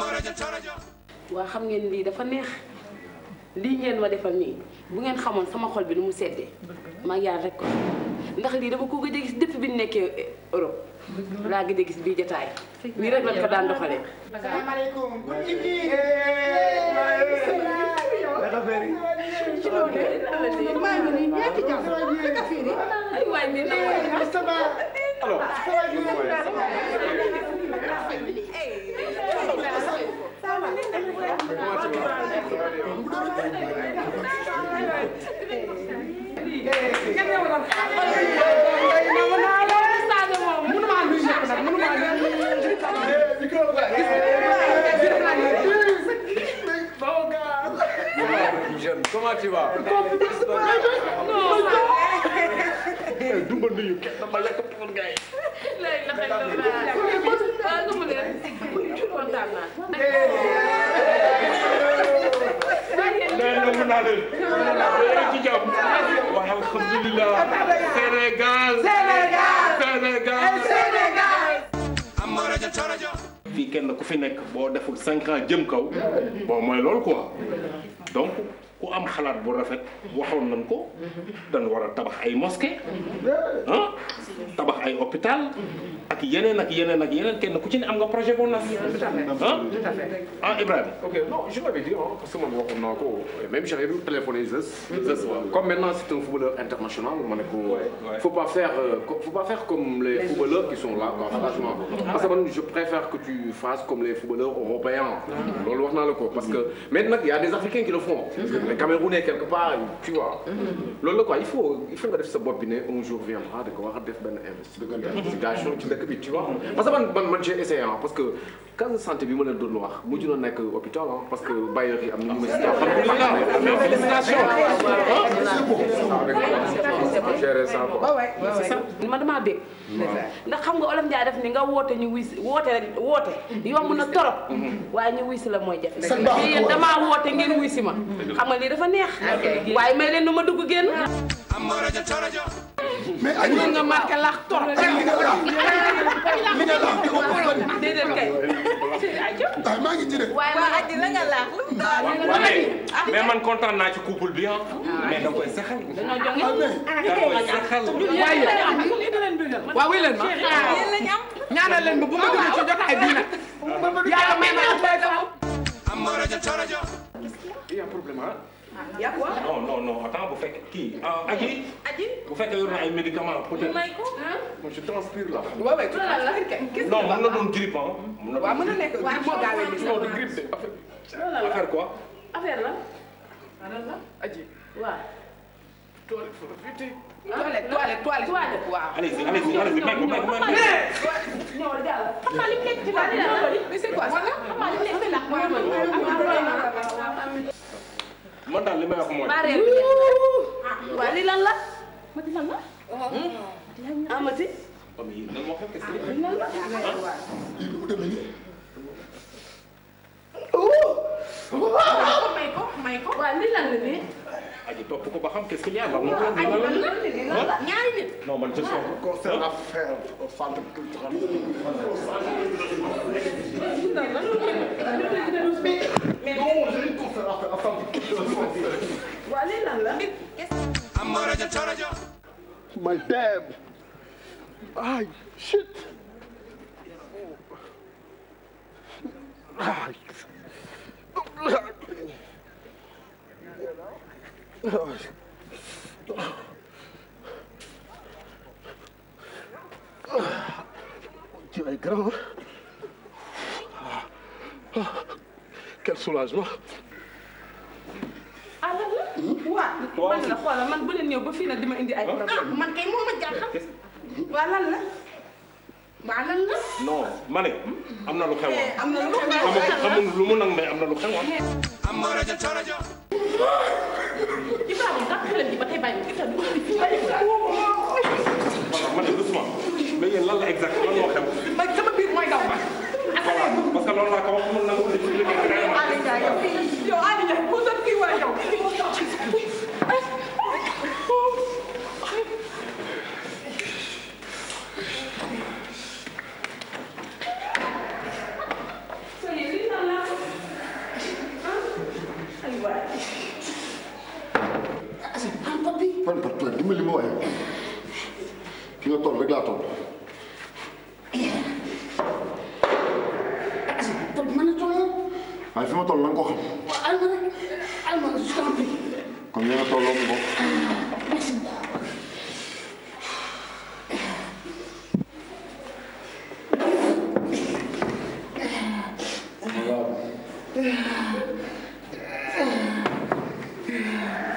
waa xam ngeen lii dafa neex lii ngeen ma defal nii bu ngeen xamoon sama xol bi nu mu seddee maa ngi yàlla rek ko ndax lii dama ko gëj a gis depuis bi ñu nekkee Europe laa gëj a gis bii jotaay nii rek lañ ko daan doxalee. salaamaaleykum. maa ngi nii Comment tu vas? duma nuyu kenn dama lekk pour gars yi. léegi la xel la naa leen. ci jàmm. waaye alhamdulilah. Sénégal. Sénégal. Sénégal. fii kenn ku fi nekk boo deful cinq ans jëm kaw. bon mooy loolu quoi. donc ku am xalaat bu rafet. waxoon nañ ko. dañ war a tabax ay mosquée. ah tabax ay hôpital. ak yeneen ak yeneen ak yeneen kenn ku ci ne am nga projet boo naan. ah Ibrahima. ok non je l'avais dit parce que man waxoon naa ko même j'avais vu téléphoné Zeus. Zeus waaw comme maintenant c'est un footballeur international ma ne ko. faut pas faire euh, faut pas faire comme les footballeurs qui sont là quoi ah, franchement. parce que man je préfère que tu fasses comme les footballeurs européens. Ah, loolu wax naa la ko parce que maintenant il y a des africains qui le font. Mm-hmm. les Camerounais quelque part tu vois. Mm-hmm. loolu la quoi il faut il faut nga def sa bopp bi ne un jour viendra da ko war a def benn investigation ci dëkk bi tu vois parce que man man man j'ai essayé parce que case santé bi ma leen doon wax mujj na nekk hôpital parce que bailleurs yi am nañu ma si jàpp. alhamdulilah mais félicitations. ah man damaa bég. ndax xam nga Olof Ndiaye def ni nga woote ñu wuy si woote rek woote. yomb na torop. Mm-hmm. waaye ñu wuy si la mooy jafe. sëñ bi damaa woote ngeen wuy ma. Mm-hmm. xam nga lii dafa neex. waaye may leen nu ma dugg génn. mais añu nga marqué lax torop li nga lax li nga lax di ko ko xali déedéet kay ay ah, maa ngi ci de waaye waa aji la nga lax lu mais man kontaan naa ci couple bi ah, ah mais ah, da koy saxal dañoo jongi da koy saxal waaye waaw wuy leen ma yéen lañ am ñaanal leen bu bu ma dugg ci jotaay bi nag yàlla may ma am am mo rajo torojo il y a problème ah il y a quoi non non attends bu fekkee kii aji. aji bu fekkee yor na ay médicaments peut-être. may ko ah. je transpire là. waaw waaye oh tu non mën na doon grippe ah. waaw mën na nekk grippe moo gaawee gis. non du grippe de affaire oh affaire quoi. affaire la. lan la aji. waaw. toilette toilette toilette waaw. allez-y allez-y allez-y lay wax mooy. waaw li lan la. mati lan la. ah mati. Ah, ah. may ko waaw li lan la nii. aji topp ko ba xam qu'est-ce qu'il y a wax nga ko. aji lan la ñaari nit. non man je suis. Ah. concert affaire centre culturel. lii lan la. my damn ay shit ay ay grand quel soulagement waaw man la xoolal man bu leen ñëw ba fii nag dima indi ay problème ah, man kay moo ma jaaxal waa lan la waa lan la non ma ne am na lu xew eh, am na lu xew xamul lu mu nag mais am na lu xew eh. am ma rajo ca rajo Ibrahima ndax xale bi ba tey bàyyi gàttal. tool bi mën na toll. waaye fi ma toll na nga ko xam. waaw almal almal je t'en prie. kon yéen a tolloo mu bokk. merci beaucoup. Yeah.